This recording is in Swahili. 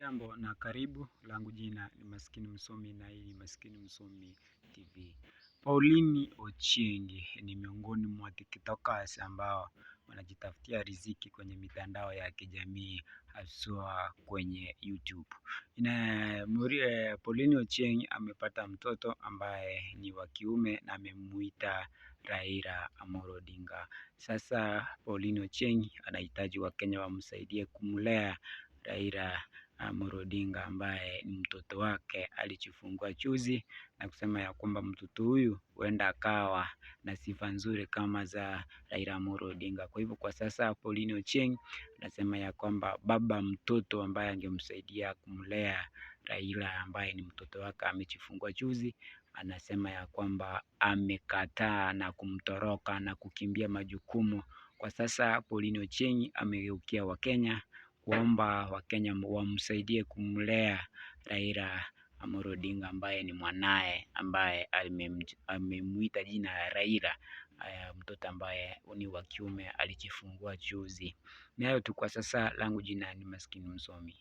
Jambo na karibu langu jina ni Maskini Msomi na hii ni Maskini Msomi TV. Pauline Ochieng ni miongoni mwa TikTokers ambao wanajitafutia riziki kwenye mitandao ya kijamii haswa kwenye YouTube. Ina eh, Pauline Ochieng amepata mtoto ambaye ni wa kiume na amemuita Raila Amolo Odinga. Sasa Pauline Ochieng anahitaji Wakenya wamsaidie kumlea Raila Raila Odinga ambaye ni mtoto wake alichifungua chuzi na kusema ya kwamba mtoto huyu huenda akawa na sifa nzuri kama za Raila Amolo Odinga. Kwa hivyo kwa sasa Pauline Ochieng anasema ya kwamba baba mtoto ambaye angemsaidia kumlea Raila ambaye ni mtoto wake amechifungua chuzi anasema ya kwamba amekataa na kumtoroka na kukimbia majukumu. Kwa sasa Pauline Ochieng amegeukia Wakenya kuomba Wakenya wamsaidie kumlea Raila Amolo Odinga ambaye ni mwanaye ambaye amemuita jina la Raila, mtoto ambaye ni wa kiume alijifungua juzi. Ni hayo tu kwa sasa, langu jina ni Maskini Msomi.